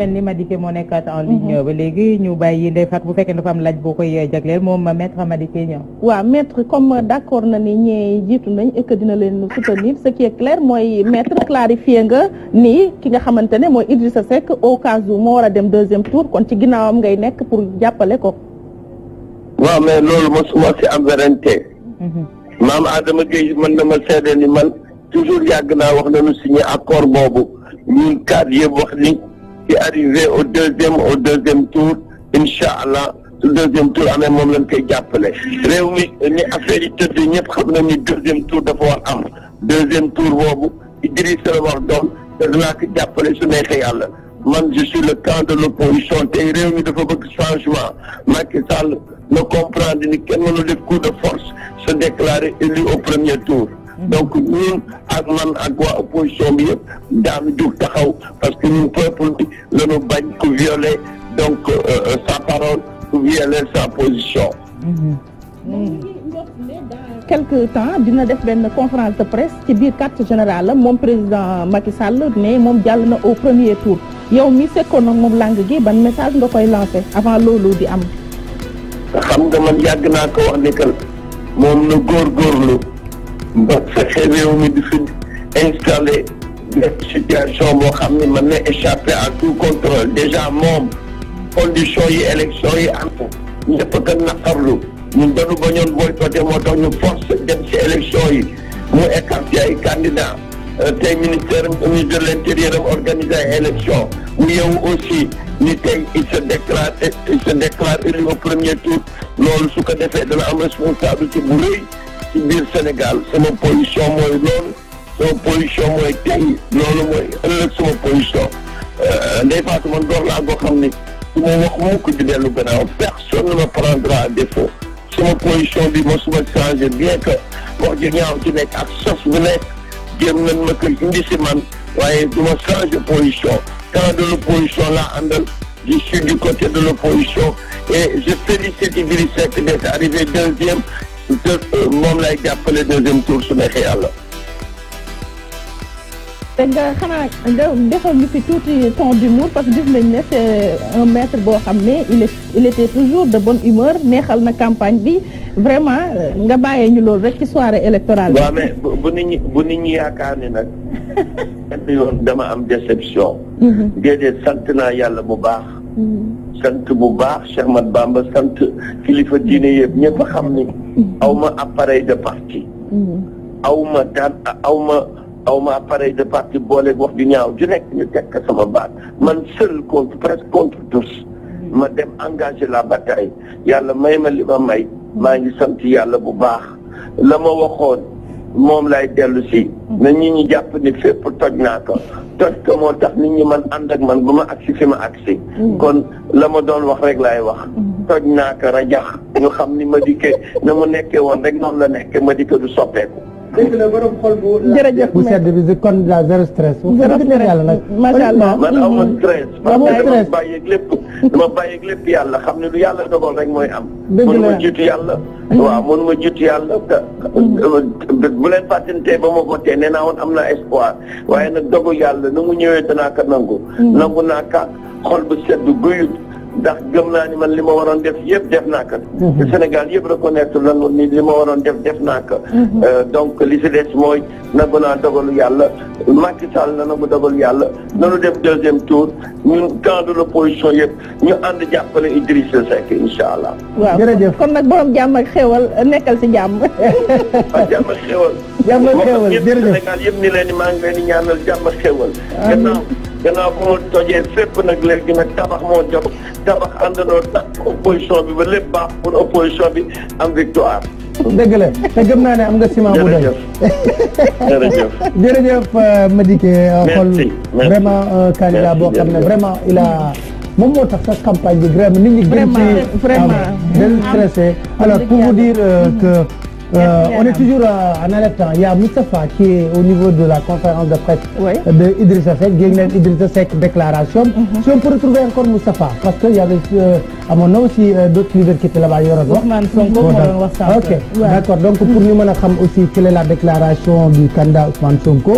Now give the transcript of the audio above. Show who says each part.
Speaker 1: ma ni Madické moo nekkaat en ligne mhm. ba léegi ñu bàyyi Ndeye Fatou bu fekkee dafa am laaj boo koy jagleel moom maître Madické Niang waaw maître comme d'accord na ni ñee jiitu nañ et que dina leen soutenir ce qui est clair mooy maître clarifier nga ni ki nga xamante ne mooy Idrissa sa au cas où moo war a dem deuxième tour kon ci ginnaawam ngay nekk pour jàppale ko
Speaker 2: waaw mais loolu mosuma si am ma mhm. maam Adama Gueye mën na ma seede ni man toujours yàgg naa wax nañu signé accord boobu ñun cadre yëpp di arrivé au deuxième au deuxième tour incha allah su deuxième tour amee moom lañ koy jàppale réew mi ni affaire yi tëdd ñëpp xam nañ ni deuxième tour dafa war am deuxième tour boobu Idrissa la war doon te dinaa ko jàppale su neexee yàlla man je suis le camp de l'opposition tey réew mi dafa bëgg changement Macky Sall na comprendre ni kenn mënu def coup de force se déclarer élu au premier tour donc ñun ak man ak waa opposition bi yëpp daanu jug taxaw parce que ñun peuple bi la ñu bañ ku violer donc euh, euh, sa parole ku violer sa position.
Speaker 1: Mm-hmm. quelque temps dina def benn conférence de presse ci biir carte général la moom président Macky Sall ne moom jàll na au premier tour yow mi sekkoon nag moom langue gi ban message nga koy lancé avant loolu di am.
Speaker 2: xam nga man yàgg naa ko wax ni que moom la góorgóorlu. ba fexe réew mi di fi installé nekk situation boo xam ne man na échapper à tout contrôle déjà moom di yi élection yi am ñëpp a naqarlu ñun dañu bañoon boycotté moo tax ñu force dem ci élection yi mu écarté ay candidat euh, tey ministère ministre de l'intérieur am organisé ay élection mu yow aussi ni tey il se déclare il se déclare premier tour loolu su ko defee dana am responsabilité bu rëy ci biir Sénégal sama position mooy loolu sama position mooy tey loolu mooy ëllëg sama position euh, Ndeye Fatou man door laa goo ni su ma wax mukk di dellu gannaaw personne ne me prendra à défaut sama position bi ma suma changé bien que wax ji ñaaw ci nekk ak sos bu nekk jéem nañ ma ko indi si man ma changé position quand de l'opposition laa àndal je suis du côté de l'opposition et je félicite Idrissa Seck d'être arrivé deuxième moom lay jàppale deuxième tour su neexee yàlla.
Speaker 1: te nga xanaa nga defal ñu fi tuuti ton d'humour parce que gis nañ ne c'est un maître boo xam ne il est il était toujours de bonne humeur neexal na campagne bi vraiment nga bàyyee ñu loolu rek ci soirée électorale bi. waaw mais
Speaker 2: bu nit ñi bu nit ñi yaakaar nag. dama am déception. Mhm. déedéet sant yàlla bu baax. Mm-hmm. sant bu baax Cheikh Mat sant kilifa diine yëpp ñëpp xam ni mm-hmm. aw ma appareil de parti mm-hmm. aw ma daan ma aw ma appareil de parti boole wax ju ñaaw ju nekk ñu tekk sama baat man seul contre presque contre tous ma dem engagé la bataille yàlla may ma li ma may maa ngi sant yàlla bu baax la ma waxoon moom lay dellusi na ñi ñu jàpp ni fépp toj naa ko toj ko moo tax nit ñi man ànd ak man ba ma agsi fi ma agsi mm. kon la ma doon wax rek laay wax mm. toj naa ko rajax ñu xam ni ma dikke na mu nekkee woon rek noonu la nekke ma dikke du soppeeku
Speaker 1: dëgg la borom xol bu. jërëjëf bu sedd
Speaker 2: bi si kon la zéro stress. zéro stress yàlla nag macha allah man aw ma stress. amoo stress dama bàyyeeg lépp dama bàyyeeg lépp yàlla xam ne lu yàlla dogal rek mooy am. dëgg la mënuma jiitu yàlla. waaw mënuma jiitu yàlla. bu leen fàttantee ba ma voté nee naa woon am naa espoir waaye nag dogu yàlla nu mu ñëwee danaa ko nangu. Mm. nangu naa ka xol bu sedd guyut. ndax gëm naa ni man li ma waroon def yëpp def naa ko. Mhm. te Sénégal yëpp reconnaître nañu ni li ma waroon def def naa ko. Mhm. Euh, donc li si des mooy nangu naa dogalu yàlla Macky Sall na nangu dogalu yàlla. nanu def deuxième tour ñun camp de l'opposition yëpp ñu ànd jàppale Idrissa Seck incha allah.
Speaker 1: jërëjëf kon nag borom jàmm ak xéwal euh, nekkal si jàmm. waaw ah,
Speaker 2: jàmm ak xéwal. jàmm ak xéwal jërëjëf Sénégal yëpp ni leen ni maa ngi leen di ñaanal jàmm ak xéwal. amiin gannaaw bu ma tojee fépp nag léegi nag tabax moo jot tabax àndandoo takk opposition bi ba lépp baax pour opposition bi am victoire. dëgg la te gëm naa ne am nga ciment bu doy jërëjëf jërëjëf euh, Madické euh, xool vraiment un euh, candidat boo xam ne vraiment il a moom moo tax sax campagne bi vraiment nit ñi gën ci vraiment gën ah stressé alors pour vous dire que Euh, on est toujours a Moustapha qui au niveau de la conférence de presse oui. de Idrissa Seck, Guénel Idrissa déclaration. Mm -hmm. Si on peut retrouver encore Moustapha, parce qu'il y avait, euh, à mon nom aussi, euh, d'autres leaders qui étaient là-bas. Ousmane Donc, pour nous, on a aussi quelle est la déclaration du candidat Ousmane Sonko.